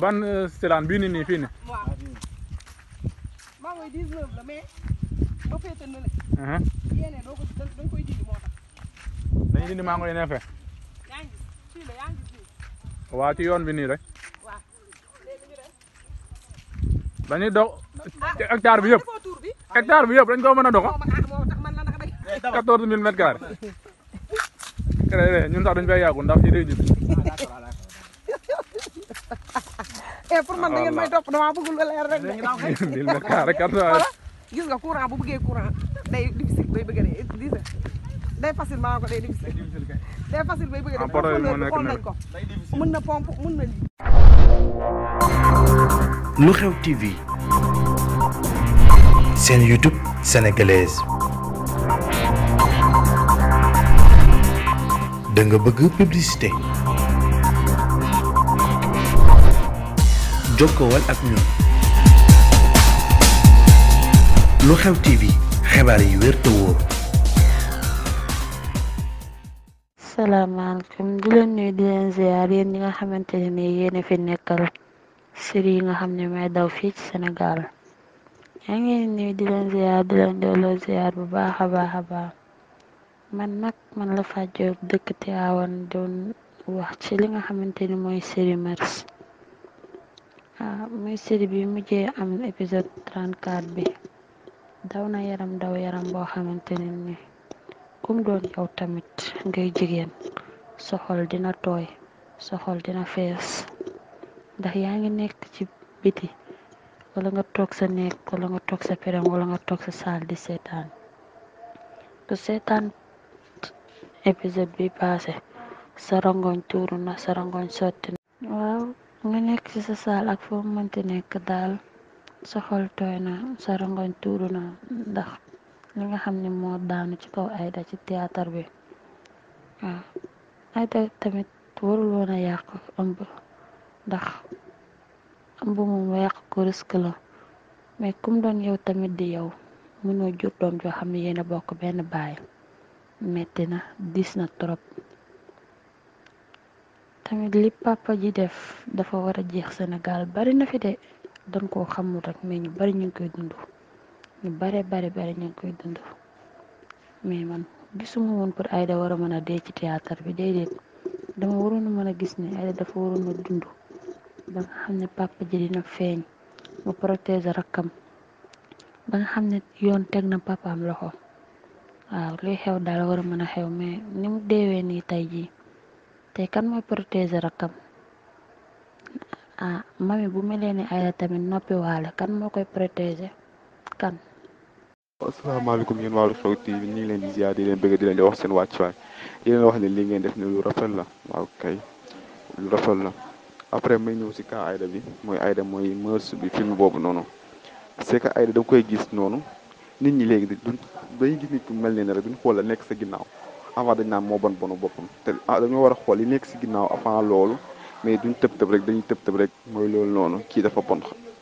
ban euh, selaan bii nii nii fii nii. waaw maa maa ngi lay neefee. yaa yoon bi nii rek. waaw léegi ah. hectare bi yëpp. Ah, hectare bi yëpp dañ ko mën a doxo. 14000 créé ñun sax dañu fay yàggu ndax fii day jub. e pour man da ngeen may topp damaa bëgg lu leer rek de. dil ma kaar kat waaye. gis nga courant bu bëggee courant day difficile day bëgg a dee day facile maa ko day difficile. day facile bay bëgg a dee xool nañ ko. mën na pompe mën na lii. lu xew TV. seen YouTube sénégalaise. da nga bëgg publicité jokkowal ak ñun lu xew TV xibaar yi wér wóor. salaamaaleykum di leen di leen ziar yéen ñi nga xamante ne nii yéen fi nekkal série yi nga xam ne may daw fii ci Sénégal yaa ngi nuyu di leen ziar di leen delloo ziar bu baax a baax a baax. man nag man la fàjjoog dëkk awan doon wax ci li nga xamante ni mooy série Mœurs waaw ah, mooy série bi mujjee am épisode 34 bi daw na yaram daw yaram boo xamante ne ni kum doon yow tamit ngay jigéen soxol dina tooy soxol dina fees ndax yaa ngi nekk ci biti wala nga toog sa nekk wala nga toog sa perem wala nga toog sa saal di seetaan ku seetaan épisode bi passé sa rongoñ tuuru na sa rongoñ sotti na waaw nga nekk ci sa saal ak foo mënti nekk daal sa tooy na sa rongoñ tuuru na ndax li nga xam ni moo daanu ci kaw Aida ci théâtre bi waaw tamit warul woon a yàq ëmb ndax ëmb moom yàq ko risque la mais kum doon yow tamit di yow mënoo jur doom joo xam ne yéen bokk benn baay metti na dis na trop tamit li papa ji def dafa war a jeex Sénégal bari na fi de dañ koo xamul rek mais ñu bari ñu ngi koy dund ñu bare bari bari ñu koy dund mais man gisuma woon pour Aïda war a mën a dee ci théâtre bi déedéet dama waroon a mën a gis ni Aïda dafa waroon dund ba nga xam ne papa ji dina feeñ mu protéger rakkam ba nga xam ne yoon teg na papaam loxo waaw luy xew daal war a mën a xew mais ni mu deewee nii tey jii tey kan mooy protéger rakkam ah mami bu melee ni Aida tamit noppi kan moo koy protéger kan. asalaamaaleykum yéen waa Lu Xew TV ñu ngi leen di ziar di leen bëgg di leen di wax seen wàccuwaay di leen wax ne li ngeen def ne lu rafet la waaw kay lu rafet la après may ñëw si cas Aida bi mooy Aida mooy mœurs bi film boobu noonu c'est que Aida da koy gis noonu. nit ñi léegi duñ dañuy gis nit ku mel ne rek duñ xool la nekk si ginnaaw avant dañ naan moo bon bonu boppam te ah, dañoo war a xool yi nekk si ginnaaw avant loolu mais duñ tëb tëb rek dañuy tëb tëb rek mooy loolu noonu kii dafa bon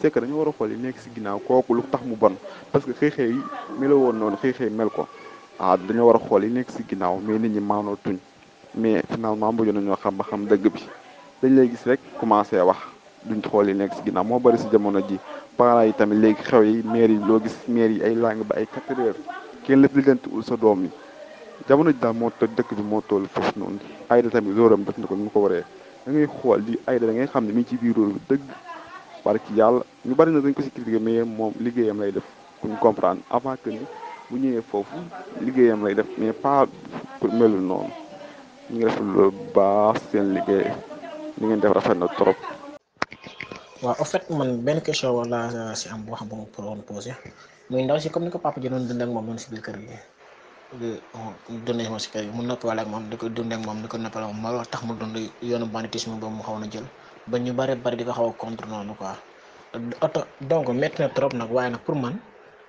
c'est que dañoo war a xool yi nekk si ginnaaw kooku lu tax mu bon parce que xëy xëy yi meloo woon noonu xëy xëy mel ko ah dañoo war a xool yi nekk si ginnaaw mais nit ñi maanoo tuñ mais finalement mujj nañoo xam ba xam dëgg bi dañ lay gis rek commencé wax duñ xool yi nekk si ginnaaw moo bari si jamono ji parents yi tamit léegi xew yi maire yi loo gis maire yi ay langue ba ay quatre heures kenn lépp lijjanti ul sa doom yi jamono ji daal moo toj dëkk bi moo toll foofu noonu Aïda tamit loolu def na ko ni mu ko waree da ngay xool di Aïda da ngay xam ne mi ngi ci biir loolu dëgg parce ki yàlla ñu bari na dañ ko si critiqué mais moom liggéeyam lay def kuñ comprendre avant que ni bu ñëwee foofu liggéeyam lay def mais pas pour melul noonu mu ngi def loolu baax seen liggéey li ngeen def rafet na trop. waaw en fait man benn question wala si am boo xam bu ma pour woon posé muy ndaw si comme ni ko papa ji moom noonu si biir kër gi dundee moom si kër gi mu noppal ak moom di ko dundee ak moom di ko noppal xaw na jël ba ñu bari contre noonu quoi oto donc métti na trop nag waaye nag pour man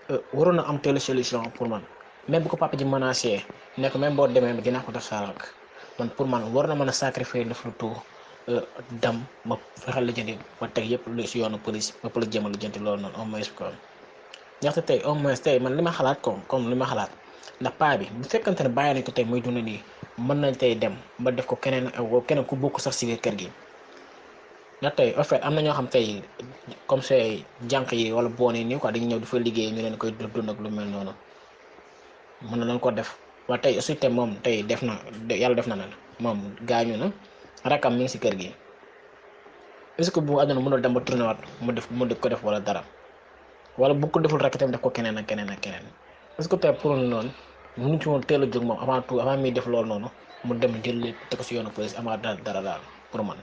euh, waroon a am telle solution pour man même bu ko papa ji menacé nekk même boo demee dinaa ko def saarak man pour man war na man a sacrifier def lu tuur Euh, dam ma fexe la jëndi ma teg yëpp lu si yoonu police ba police jéem a la jëndi loolu noonu au moins tey au moins tey man li ma xalaat comme comme li ma xalaat ndax paa bi bu fekkante ne bàyyi nañ ko tey muy dund nii mën nañ tey dem ba def ko keneen euh, keneen ku bokk sax si biir kër gi ndax tey en am na ñoo xam tey comme say jànq yi wala boon yi nii quoi dañu ñëw di fa liggéey ñu leen koy dund ak lu mel noonu mën na leen ko def waaye tey aussi tey moom tey def na yàlla def na na moom gaañu na. rakam mi si kër gi est-ce que bu àdduna mënul dem ba tourné mu def mu ko def wala dara wala bu ko deful rakk tamit def ko keneen ak keneen a keneen est-ce que tey pour noonu mënuñ ci woon a jóg moom def loolu noonu mu dem jël lépp teg ko si yoonu police amaat dara dara daal pour man.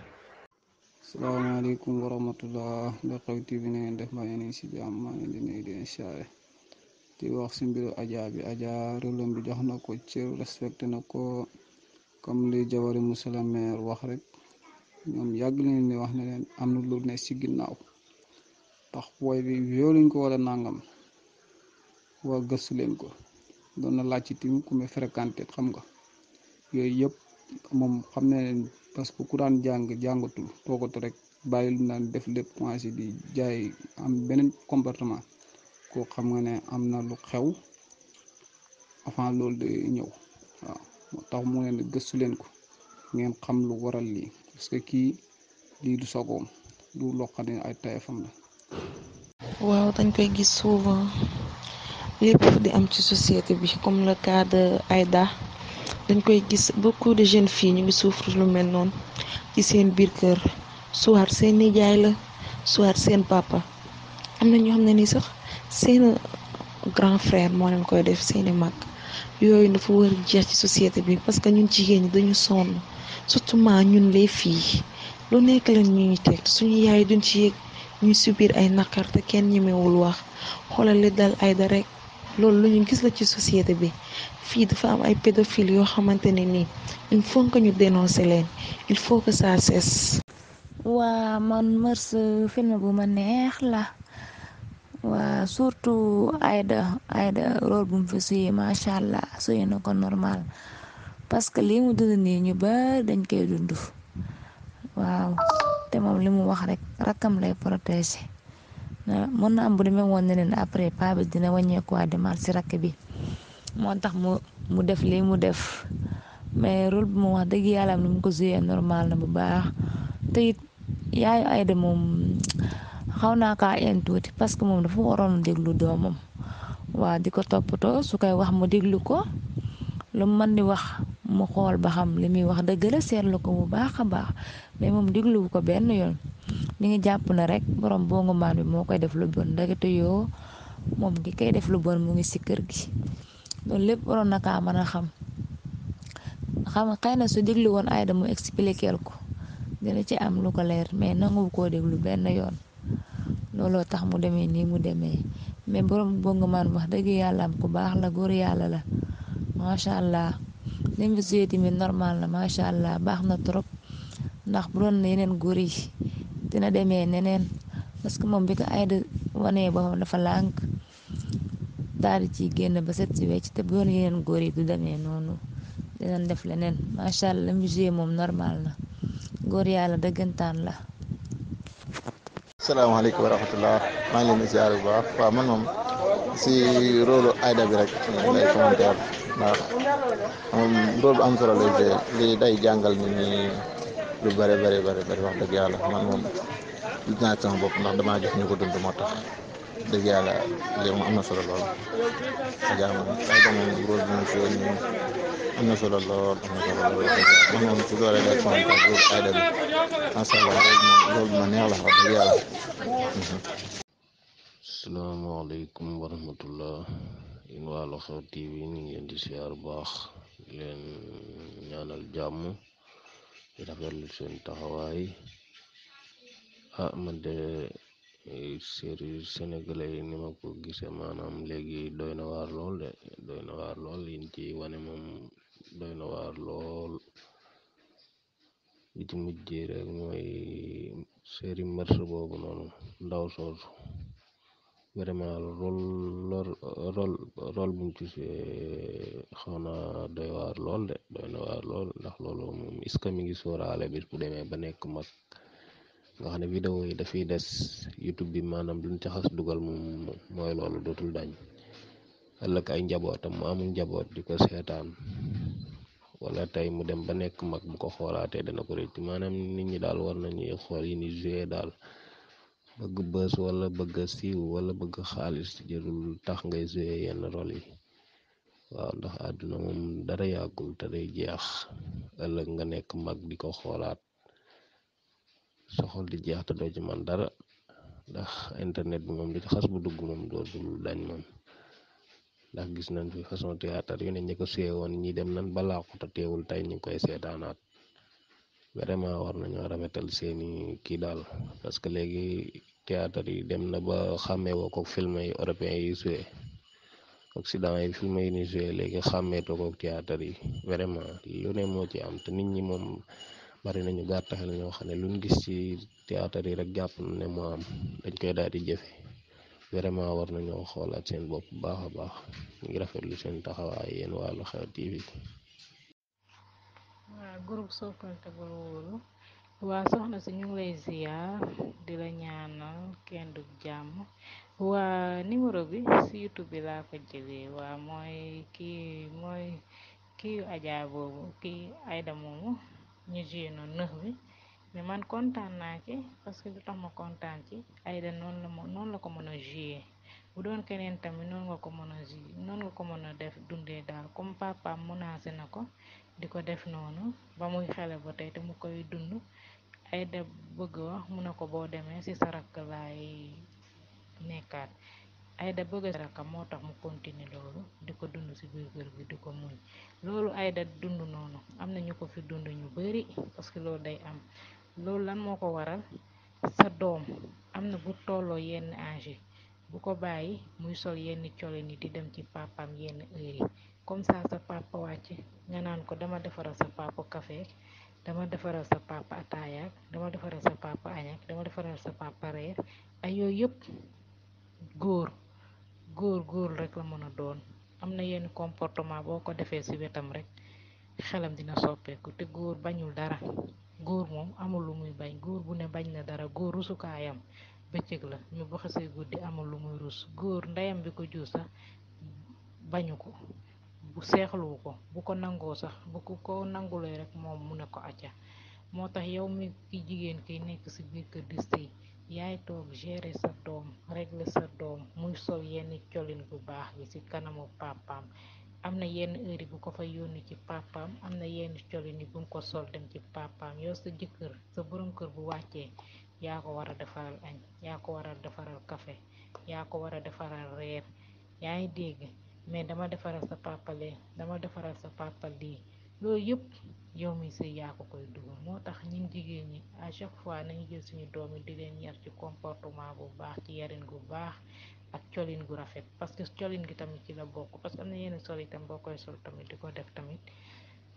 salaamaaleykum wa rahmatullah Lu Xew TV bi ngeen def maa ngi leen si jàmm maa ngi leen di nuyu wax si mbiru Adja bi Adja jox na ko cër respecté na ko. comme li jawari monsieur le maire wax rek ñoom yàgg nañ ni wax ne leen am na lu ne ci ginnaaw tax woy bi yooluñ ko wala nangam waa gëstu leen ko doon na laaj ci tim ku muy xam nga yooyu yëpp moom xam ne leen parce que ku daan jàng jàngatul toogatu rek bàyyi lu naan def lépp commencé di jaay am beneen comportement koo xam nga ne am na lu xew avant loolu di ñëw waaw moo tax mu leen gëstu leen ko ngeen xam lu waral lii parce kii lii du sagoom du loo xam ne ay tayefam la waaw dañ koy gis souvent lépp di am ci société bi comme le cas ayda dañ koy gis beaucoup de jeunes fii ñu ngi suuf lu mel noonu ci seen biir kër soit seen nijaay la soit seen papa am na ñoo xam ne nii sax seen grand frère moo leen koy def seeni mag yooyu dafa war a jeex ci société bi parce que ñu jigéen ñi dañu sonn surtout ma ñun les fii lu nekk la ñuy teg suñu yaay duñ ci yëg ñuy subir ay naqar te kenn ñemewul wax xoolal li dal ay da loolu lu ñu gis la ci société bi fii dafa am ay pédophiles yoo xamante ne nii il faut que ñu dénoncer leen il faut que ça cesse. waa man Mœurs film bu ma neex la. waa surtout Aida Aida bu mu fi suyee macha allah suyee na ko normal parce que lii mu dund nii ñu bari dañ koy dund waaw te moom li mu wax rek rakkam lay protéger mën na am bu demee woon ne après paa dina wàññeekuwaat demaat si rakk bi moo tax mu mu def lii mu def mais rôle bu mu wax dëgg yàlla am ni mu ko suyee normal na bu baax te yaayu Aida moom. xaw naa kaa en tuuti parce que moom dafa waroon déglu doomam waa di ko toppatoo su koy wax mu déglu ko lu mën di wax mu xool ba xam li muy wax dëgg la seetlu ko bu baax a baax mais moom dégluwu ko benn yoon mi ngi jàpp na rek borom bongu maan moo koy def lu bon ndekete yoo moom ki koy def lu bon mu ngi si kër gi loolu lépp waroon na kaa mën a xam xam xëy na su déglu woon Aïda mu expliquer ko dina ci am lu ko leer mais nangu koo déglu benn yoon. looloo tax mu demee nii mu demee mais borom bongamaan wax dëgg yàlla am ku baax la góor yàlla la macha allah li mu joué tamit normal la macha allah baax na trop ndax bu doon yeneen góor yi dina demee neneen parce que moom bi ko Aida wanee boppam dafa lànk daal di ciy génn ba set si te bu doon góor yi du noonu dinañ def leneen macha allah li mu moom normal na góor yàlla dëggantaan la. salaamaaleykum wa rahmatulah maa ngi leen di ziar bu baax waaw man moom si rôle Aida bi rek lay commentaire ndax moom rôle bu am solo lay day jàngal nit ñi lu bëri bëri bëri wax dëgg yàlla man moom gis naa sama bopp ko dund moo tax dëgg yàlla lii moom am na solo lool. waaw jàmm Aida moom rôle bi mu joué nii. am na solo lool am na solo lool man moom su doole daal sama ma neex la wax dëgg yàlla. asalaamaaleykum wa rahmatullah yéen waa TV ñu ngi leen di siyaar baax di leen ñaanal jàmm di rafetlu seen taxawaay ah man de série sénégalais yi ni ma ko gisee maanaam léegi doy na waar lool de doy na waar lool liñ ci wane moom doy na waar lool li ci mujjee rek mooy série Mœurs boobu noonu ndaw soosu vraiment rôle rôle rôle buñ ci xaw na doy waar lool de doy na waar lool ndax loolu moom est-ce que mi ngi sóoraale bis bu demee ba nekk mag. nga xam ne vidéo yi dafiy des YouTube bi maanaam luñ ci dugal moom mooy loolu dootul dañ ëllëg ay njabootam mu amul njaboot di ko seetaan wala tey mu dem ba nekk mag bu ko xoolaatee dana ko rëcc maanaam nit ñi daal war nañuy xool yi ni joué daal bëgg bës wala bëgg siiw wala bëgg xaalis jërul tax ngay joué yenn rôle waaw ndax àdduna moom dara yàggul te nga nekk mag di ko xoolaat soxol di jeex te doo ci man dara ndax internet bi moom li ci xas bu dugg moom dootul dañ moom ndax gis nañ fi façon théâtre yu ne ñi ko woon ñi dem nan balaa ko te teewul tey ñi ngi koy seetaanaat vraiment war nañoo rafetal seeni kii daal parce que léegi théâtre yi dem na ba xàmmee woo ko film yi européen yi suyee occident yi film yi ni suyee léegi xàmmeetoo ko théâtre yi vraiment lu ne moo ci am ta nit ñi moom bari nañu gàtt xel ñoo xam ne luñ gis ci théâtre yi rek jàpp ne moo am dañ koy daal di jëfe vraiment war nañoo xoolaat seen bopp bu baax a baax ngi rafetlu seen taxawaay yéen wàllu xew TV. waaw groupe soppante bu wóolu waa soxna si ñu ngi lay ziar di la ñaanal kenn du jàmm waa numéro bi si YouTube bi laa ko jëlee waa mooy kii mooy kii Adja boobu kii Aida moomu. ñu joué noonu nëx bi mais man kontaan naa ci parce que lu tax ma kontaan ci Aida noonu la ma noonu la ko mën a joué bu doon keneen tamit noonu nga ko mën a joué noonu nga ko mën a def dundee daal comme papaam menacé na ko di ko def noonu ba muy xele ba tey te mu koy dund Aida bëgg wax mun ne ko boo demee ci sa rakk laay nekkaat Aida bëgg a moo tax mu continuer loolu di ko dund ci biir kër gi di ko muñ loolu Aida dund noonu am na ñu ko fi dund ñu bari parce que loolu day am loolu lan moo ko waral sa doom am na bu tolloo yenn âge bu ko bàyyi muy sol yenn colin yi di dem ci papam yenn heure yi comme ça sa papa wàcc nga naan ko dama defaral sa papa kafe dama defaral sa papa ataayaak dama defaral sa papa añak dama defaral sa papa reer ay yooyu yëpp góor góor góor rek la mën a doon am na yenn comportement boo ko defee ci wetam rek xelam dina soppeeku te góor bañul dara góor moom amul lu muy bañ góor bu ne bañ na dara góor rusukaayam bëccëg la ñu bu xasee guddi amul lu muy rus góor ndeyam bi ko juusa sax bañu ko bu seexluwu ko bu ko nangoo sax bu ko nangulee rek moom mu ne ko acca moo tax yow mi ki jigéen ki nekk ci biir kër di sëy yaay toog gérer sa doom régler sa doom muy sol yenn colin bu baax bi ci kanamu papaam am na yenn heure bu ko fa yónni ci papaam am na yenn colin yi bu mu ko sol dem ci papaam yow sa jëkkër sa borom kër bu wàccee yaa ko war a defaral añ yaa ko war a defaral kafe yaa ko war a defaral reer yaa ngi dégg mais dama defaral sa papa dama defaral sa papa lii loolu yëpp yow mi sëy yaa ko koy dugal moo tax ñun jigéen ñi à chaque fois nañu jël suñu doom yi di leen yar ci comportement bu baax ci yarin gu baax ak colin gu rafet parce que colin gi tamit ci la bokk parce que am na yenn sol itam boo koy sol tamit di ko def tamit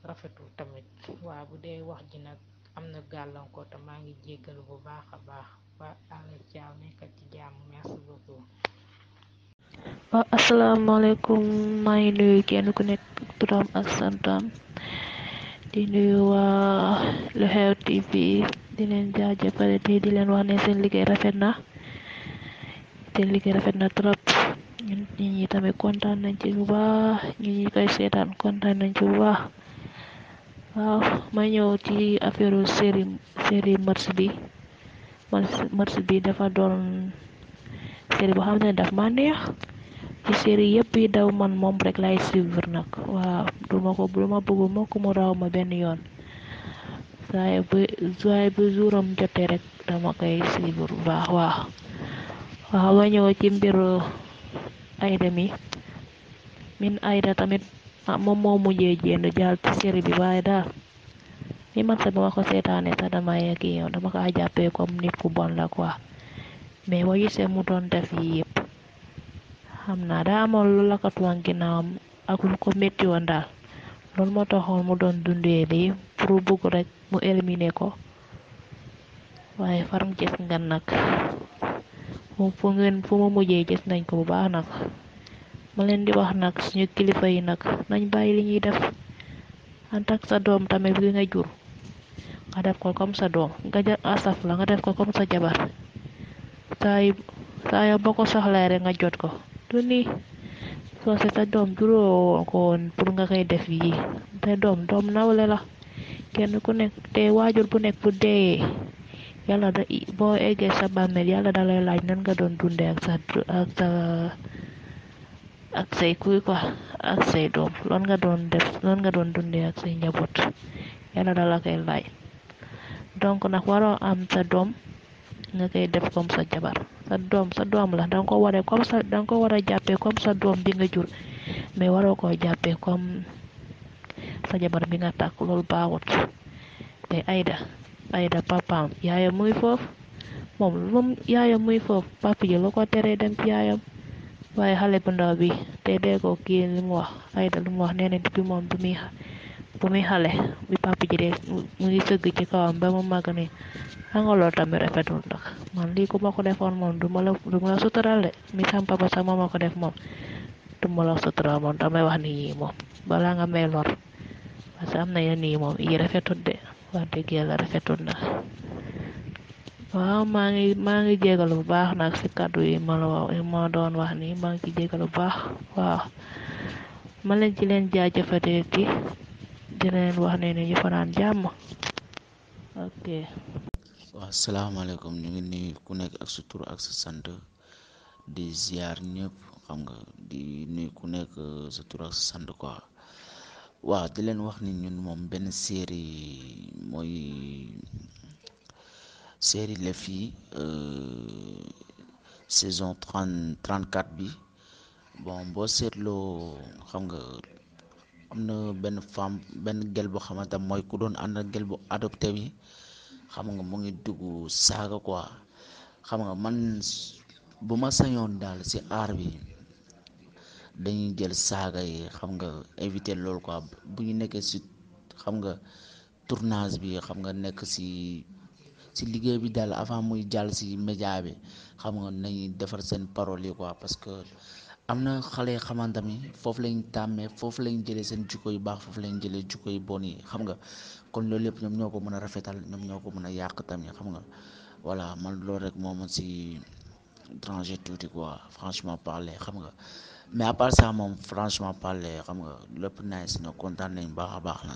rafetul tamit waa bu dee wax ji nag am na gàllankoor te maa ngi jéggalu bu baax a baax waa àll jaaw nekkat ci jàmm merci beaucoup waaw asalaamaaleykum maa ngi nuyu kenn ku nekk turam ak santom di nuyu waa lu xew TV di leen jaajëfale te di leen wax ne seen liggéey rafet na seen liggéey rafet na trop ñun ñi tamit kontaan ci bu baax ñi koy seetaan kontaan nañ ci bu baax waaw ma ñëw ci affaire série série match bi match bi dafa doon. série boo xam ne daf ma neex ci série yëpp daw man moom rek lay suivre nag waaw du ma ko du ma mokk mu raw ma benn yoon saay bu saay bu juróom jotee rek dama koy suivre bu ñëw ci mbiru tamit ah, moom moo mujjee jénd jàll ci série bi waaye daal mi man sax ba ma ko seetaane sax dama yegg yow dama kaa jàppee comme nit ku bon la quoi mais boo gisee mu doon def yi yëpp xam naa daa amoon lu lakkatu woon ginnaawam ak lu ko metti woon daal loolu moo taxoon mu doon dundee lii pour bugg rek mu éliminer ko waaye faram gis nga nag fu ngeen mu mujjee gis nañ ko bu baax nag ma leen di wax nag suñu kilifa yi nag nañ bàyyi li ñuy def en tant sa doom tamit bi nga jur nga def ko comme sa doom nga jël asaf la nga def ko comme sa jabar saay saa yoo boo ko soxlaa rek nga jot ko du ni soo sa doom juróo ko woon pour nga koy def yi te doom doom nawle la kenn ku nekk te waajur bu nekk bu dee yàlla da boo eggee sa bàmmeel yàlla da lay laaj nan nga doon dundee ak sa ak sa ak say kuy quoi ak doom loon nga doon def nga doon dundee ak say njaboot yàlla da am sa doom. nga koy def comme sa jabar sa doom sa doom la danga ko waree comme sa danga ko war a jàppee comme sa doom bi nga jur mais waroo koo jàppee comme sa jabar bi nga tàkk loolu baaxut te Aida Aida papaam yaayam muy foofu moom moom yaayam muy foofu papa ji la ko teree dem ci yaayam waaye xale bu ndaw bi te dee ko kii li mu wax Aida lu mu wax nee na bi moom bu muy bu xale bi papa ji de mu ngi sëgg ci kawam ba mu màgg ni xam nga loolu tamit rafetul ndax man lii ku ko defoon moom du ma la du ma la suturaal de mi sam papa sax ma ko def moom du ma la suturaal moom damay wax ni yii moom balaa nga may que am na yenn yii moom yii rafetul wax dëgg yàlla rafetul ndax maa ngi maa ngi jégalu bu baax nag si kàddu yi ma doon wax nii maa ngi ci jégalu bu baax waaw ma leen ci leen jaajëfatee di leen wax ne ni ñu jàmm waaw salaamaaleykum ñu ngi nuyu ku nekk ak sa tur ak sa sant di ziar ñëpp xam nga di nuyu ku nekk uh, sa tur ak sa sant quoi waa di leen wax ni ñun moom benn série mooy série la fii uh, saison trente trente quatre bi bon boo seetloo xam nga am na benn femme benn gel boo xamante mooy ku doon am na gel bu adopté bi xam nga mu ngi dugg saaga quoi xam nga man bu ma sañoon daal si aar bi dañuy jël saaga yi xam nga évité loolu quoi bu ñu nekkee si xam nga tournage bi xam nga nekk ci ci liggéey bi daal avant muy jàll si média bi xam nga nañuy defar seen paroles yi quoi parce que am na xale xamante ni foofu lañ tàmmee foofu lañ jëlee seen jukko yu baax foofu lañ jëlee jikko yu bon yi xam nga kon loolu lépp ñoom ñoo ko mën a rafetal ñoom ñoo ko mën a yàq tamit xam nga voilà man loolu rek moo mën si tranché tuuti quoi franchement parler xam nga mais à part ça moom franchement parler xam nga lépp nice na kontaan nañ baax a baax na